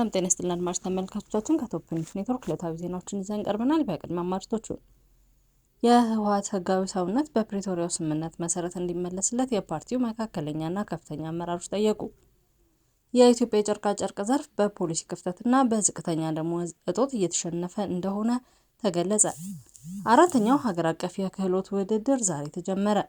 ሰላም ጤና ይስጥልን አድማጭ ተመልካቾቻችን ከቶፕ ኒውስ ኔትወርክ ዕለታዊ ዜናዎችን ይዘን ቀርበናል። በቅድመ አማርቶቹ የህወሓት ህጋዊ ሰውነት በፕሪቶሪያው ስምምነት መሰረት እንዲመለስለት የፓርቲው መካከለኛና ከፍተኛ አመራሮች ጠየቁ። የኢትዮጵያ ጨርቅ ዘርፍ በፖሊሲ ክፍተትና በዝቅተኛ ደሞዝ እጦት እየተሸነፈ እንደሆነ ተገለጸ። አራተኛው ሀገር አቀፍ የክህሎት ውድድር ዛሬ ተጀመረ።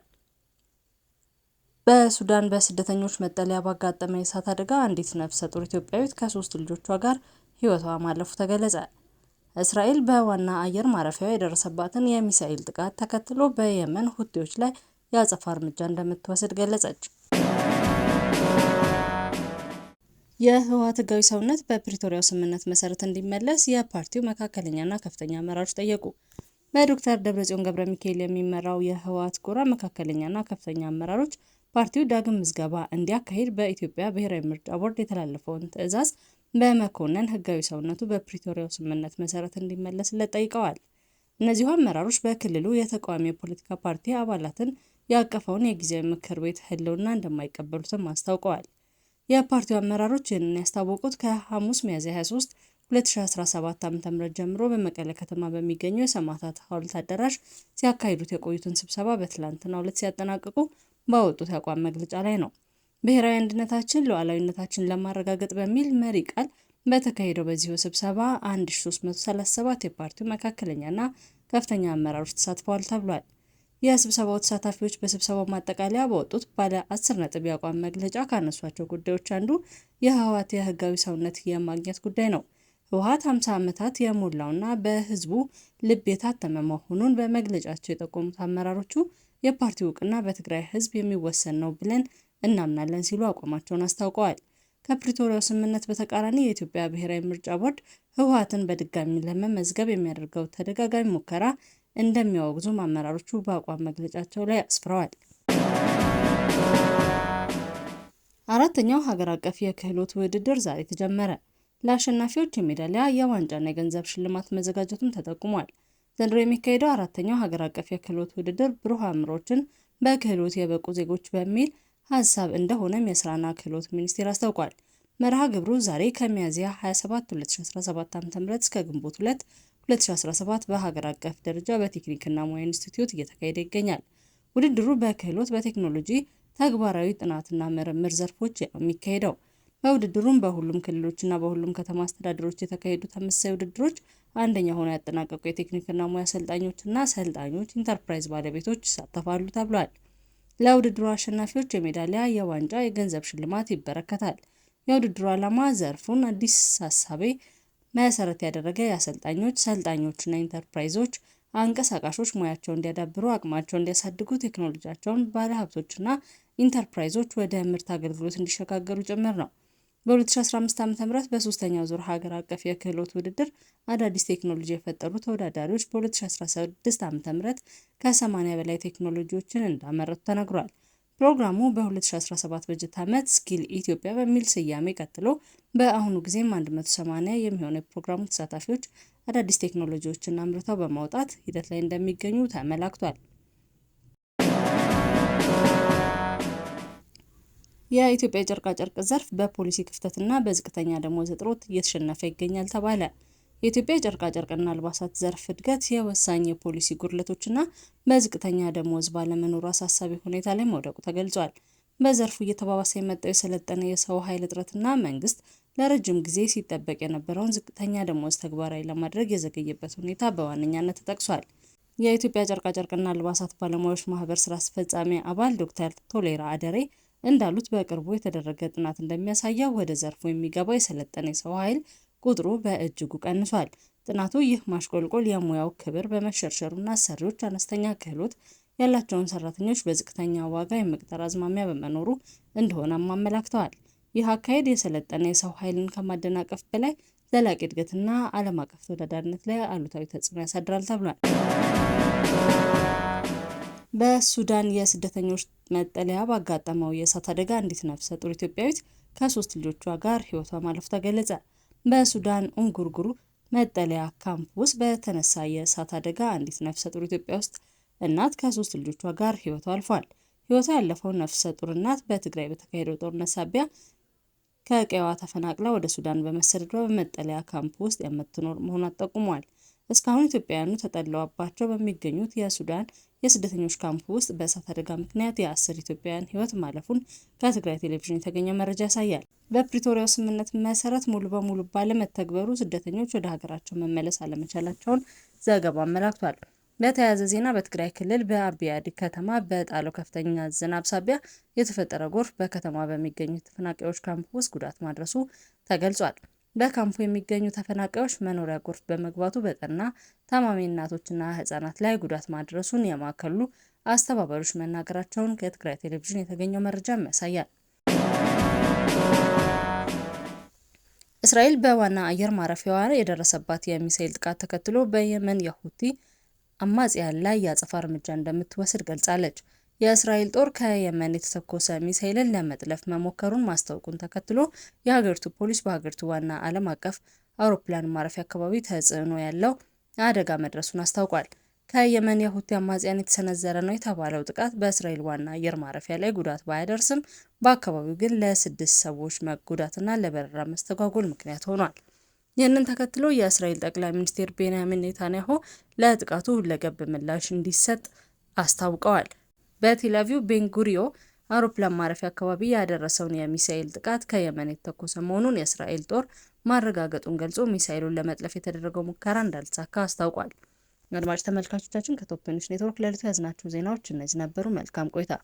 በሱዳን በስደተኞች መጠለያ ባጋጠመ የእሳት አደጋ አንዲት ነፍሰ ጡር ኢትዮጵያዊት ከሶስት ልጆቿ ጋር ህይወቷ ማለፉ ተገለጸ። እስራኤል በዋና አየር ማረፊያው የደረሰባትን የሚሳኤል ጥቃት ተከትሎ በየመን ሁቲዎች ላይ የአጸፋ እርምጃ እንደምትወስድ ገለጸች። የህወሓት ህጋዊ ሰውነት በፕሪቶሪያው ስምምነት መሰረት እንዲመለስ የፓርቲው መካከለኛና ከፍተኛ አመራሮች ጠየቁ። በዶክተር ደብረጽዮን ገብረ ሚካኤል የሚመራው የህወሓት ጎራ መካከለኛና ከፍተኛ አመራሮች ፓርቲው ዳግም ምዝገባ እንዲያካሂድ በኢትዮጵያ ብሔራዊ ምርጫ ቦርድ የተላለፈውን ትዕዛዝ በመኮነን ህጋዊ ሰውነቱ በፕሪቶሪያው ስምምነት መሰረት እንዲመለስለት ጠይቀዋል። እነዚሁ አመራሮች በክልሉ የተቃዋሚ የፖለቲካ ፓርቲ አባላትን ያቀፈውን የጊዜያዊ ምክር ቤት ህልውና እንደማይቀበሉትም አስታውቀዋል። የፓርቲው አመራሮች ይህንን ያስታወቁት ከሐሙስ ሚያዝያ 23 2017 ዓ.ም ጀምሮ በመቀለ ከተማ በሚገኘው የሰማዕታት ሐውልት አዳራሽ ሲያካሂዱት የቆዩትን ስብሰባ በትላንትናው ዕለት ሲያጠናቅቁ ባወጡት የአቋም መግለጫ ላይ ነው። ብሔራዊ አንድነታችን ሉዓላዊነታችን ለማረጋገጥ በሚል መሪ ቃል በተካሄደው በዚሁ ስብሰባ 1337 የፓርቲው መካከለኛና ከፍተኛ አመራሮች ተሳትፈዋል ተብሏል። የስብሰባው ተሳታፊዎች በስብሰባው ማጠቃለያ በወጡት ባለ አስር ነጥብ የአቋም መግለጫ ካነሷቸው ጉዳዮች አንዱ የህወሓት የህጋዊ ሰውነት የማግኘት ጉዳይ ነው። ህወሓት 50 ዓመታት የሞላውና በህዝቡ ልብ የታተመ መሆኑን በመግለጫቸው የጠቆሙት አመራሮቹ የፓርቲው እውቅና በትግራይ ህዝብ የሚወሰን ነው ብለን እናምናለን ሲሉ አቋማቸውን አስታውቀዋል። ከፕሪቶሪያው ስምምነት በተቃራኒ የኢትዮጵያ ብሔራዊ ምርጫ ቦርድ ህወሓትን በድጋሚ ለመመዝገብ የሚያደርገው ተደጋጋሚ ሙከራ እንደሚያወግዙም አመራሮቹ በአቋም መግለጫቸው ላይ አስፍረዋል። አራተኛው ሀገር አቀፍ የክህሎት ውድድር ዛሬ ተጀመረ። ለአሸናፊዎች የሜዳሊያ የዋንጫና የገንዘብ ሽልማት መዘጋጀቱም ተጠቁሟል። ዘንድሮ የሚካሄደው አራተኛው ሀገር አቀፍ የክህሎት ውድድር ብሩህ አእምሮችን በክህሎት የበቁ ዜጎች በሚል ሀሳብ እንደሆነም የስራና ክህሎት ሚኒስቴር አስታውቋል። መርሃ ግብሩ ዛሬ ከሚያዝያ 27 2017 ዓ.ም እስከ ግንቦት 2 2017 በሀገር አቀፍ ደረጃ በቴክኒክና ሙያ ኢንስቲትዩት እየተካሄደ ይገኛል። ውድድሩ በክህሎት በቴክኖሎጂ ተግባራዊ ጥናትና ምርምር ዘርፎች ነው የሚካሄደው። በውድድሩም በሁሉም ክልሎችና በሁሉም ከተማ አስተዳደሮች የተካሄዱ ተመሳሳይ ውድድሮች አንደኛ ሆነው ያጠናቀቁ የቴክኒክና ሙያ አሰልጣኞችና ሰልጣኞች ኢንተርፕራይዝ ባለቤቶች ይሳተፋሉ ተብሏል። ለውድድሩ አሸናፊዎች የሜዳሊያ፣ የዋንጫ፣ የገንዘብ ሽልማት ይበረከታል። የውድድሩ ዓላማ ዘርፉን አዲስ ሀሳቤ መሰረት ያደረገ የአሰልጣኞች ሰልጣኞችና ኢንተርፕራይዞች አንቀሳቃሾች ሙያቸውን እንዲያዳብሩ፣ አቅማቸውን እንዲያሳድጉ፣ ቴክኖሎጂያቸውን ባለሀብቶችና ኢንተርፕራይዞች ወደ ምርት አገልግሎት እንዲሸጋገሩ ጭምር ነው። በ2015 ዓ ም በሶስተኛው ዙር ሀገር አቀፍ የክህሎት ውድድር አዳዲስ ቴክኖሎጂ የፈጠሩ ተወዳዳሪዎች በ2016 ዓ ም ከ80 በላይ ቴክኖሎጂዎችን እንዳመረቱ ተነግሯል። ፕሮግራሙ በ2017 በጀት ዓመት ስኪል ኢትዮጵያ በሚል ስያሜ ቀጥሎ በአሁኑ ጊዜም 180 የሚሆኑ የፕሮግራሙ ተሳታፊዎች አዳዲስ ቴክኖሎጂዎችን አምርተው በማውጣት ሂደት ላይ እንደሚገኙ ተመላክቷል። የኢትዮጵያ ጨርቅ ዘርፍ በፖሊሲ ክፍተትና በዝቅተኛ ደሞዝ እጥረት እየተሸነፈ ይገኛል ተባለ። የኢትዮጵያ ጨርቃጨርቅና አልባሳት ዘርፍ እድገት የወሳኝ የፖሊሲ ጉድለቶችና በዝቅተኛ ደሞዝ ባለመኖሩ አሳሳቢ ሁኔታ ላይ መውደቁ ተገልጿል። በዘርፉ እየተባባሰ የመጣው የሰለጠነ የሰው ኃይል እጥረትና መንግስት ለረጅም ጊዜ ሲጠበቅ የነበረውን ዝቅተኛ ደሞዝ ተግባራዊ ለማድረግ የዘገየበት ሁኔታ በዋነኛነት ተጠቅሷል። የኢትዮጵያ ጨርቃጨርቅና አልባሳት ባለሙያዎች ማህበር ስራ አስፈጻሚ አባል ዶክተር ቶሌራ አደሬ እንዳሉት በቅርቡ የተደረገ ጥናት እንደሚያሳየው ወደ ዘርፉ የሚገባው የሰለጠነ የሰው ኃይል ቁጥሩ በእጅጉ ቀንሷል። ጥናቱ ይህ ማሽቆልቆል የሙያው ክብር በመሸርሸሩና አሰሪዎች አነስተኛ ክህሎት ያላቸውን ሰራተኞች በዝቅተኛ ዋጋ የመቅጠር አዝማሚያ በመኖሩ እንደሆነም አመላክተዋል። ይህ አካሄድ የሰለጠነ የሰው ኃይልን ከማደናቀፍ በላይ ዘላቂ እድገትና ዓለም አቀፍ ተወዳዳሪነት ላይ አሉታዊ ተጽዕኖ ያሳድራል ተብሏል። በሱዳን የስደተኞች መጠለያ ባጋጠመው የእሳት አደጋ አንዲት ነፍሰ ጡር ኢትዮጵያዊት ከሶስት ልጆቿ ጋር ሕይወቷ ማለፉ ተገለጸ። በሱዳን ኡንጉርጉሩ መጠለያ ካምፕ ውስጥ በተነሳ የእሳት አደጋ አንዲት ነፍሰ ጡር ኢትዮጵያ ውስጥ እናት ከሶስት ልጆቿ ጋር ሕይወቷ አልፏል። ሕይወቷ ያለፈው ነፍሰ ጡር እናት በትግራይ በተካሄደው ጦርነት ሳቢያ ከቀዬዋ ተፈናቅላ ወደ ሱዳን በመሰደዷ በመጠለያ ካምፕ ውስጥ የምትኖር መሆኗ ጠቁሟል። እስካሁን ኢትዮጵያውያኑ ተጠለዋባቸው በሚገኙት የሱዳን የስደተኞች ካምፕ ውስጥ በእሳት አደጋ ምክንያት የአስር ኢትዮጵያውያን ህይወት ማለፉን ከትግራይ ቴሌቪዥን የተገኘ መረጃ ያሳያል። በፕሪቶሪያው ስምምነት መሰረት ሙሉ በሙሉ ባለመተግበሩ ስደተኞች ወደ ሀገራቸው መመለስ አለመቻላቸውን ዘገባው አመላክቷል። በተያያዘ ዜና በትግራይ ክልል በአብያዲ ከተማ በጣለው ከፍተኛ ዝናብ ሳቢያ የተፈጠረ ጎርፍ በከተማ በሚገኙ ተፈናቃዮች ካምፕ ውስጥ ጉዳት ማድረሱ ተገልጿል። በካምፑ የሚገኙ ተፈናቃዮች መኖሪያ ጎርፍ በመግባቱ በጠና ታማሚ እናቶችና ህጻናት ላይ ጉዳት ማድረሱን የማዕከሉ አስተባባሪዎች መናገራቸውን ከትግራይ ቴሌቪዥን የተገኘው መረጃም ያሳያል። እስራኤል በዋና አየር ማረፊያዋ የደረሰባት የሚሳኤል ጥቃት ተከትሎ በየመን የሁቲ አማጽያን ላይ የአጸፋ እርምጃ እንደምትወስድ ገልጻለች። የእስራኤል ጦር ከየመን የተተኮሰ ሚሳኤልን ለመጥለፍ መሞከሩን ማስታወቁን ተከትሎ የሀገሪቱ ፖሊስ በሀገሪቱ ዋና ዓለም አቀፍ አውሮፕላን ማረፊያ አካባቢ ተጽዕኖ ያለው አደጋ መድረሱን አስታውቋል። ከየመን የሁቲ አማጽያን የተሰነዘረ ነው የተባለው ጥቃት በእስራኤል ዋና አየር ማረፊያ ላይ ጉዳት ባያደርስም በአካባቢው ግን ለስድስት ሰዎች መጎዳትና ለበረራ መስተጓጎል ምክንያት ሆኗል። ይህንን ተከትሎ የእስራኤል ጠቅላይ ሚኒስትር ቤንያሚን ኔታንያሁ ለጥቃቱ ሁለገብ ምላሽ እንዲሰጥ አስታውቀዋል። በቴልአቪቭ ቤንጉሪዮ አውሮፕላን ማረፊያ አካባቢ ያደረሰውን የሚሳኤል ጥቃት ከየመን የተኮሰ መሆኑን የእስራኤል ጦር ማረጋገጡን ገልጾ ሚሳኤሉን ለመጥለፍ የተደረገው ሙከራ እንዳልተሳካ አስታውቋል። አድማጭ ተመልካቾቻችን ከቶፕ ኒውስ ኔትወርክ ለዕለቱ ያዝናቸው ዜናዎች እነዚህ ነበሩ። መልካም ቆይታ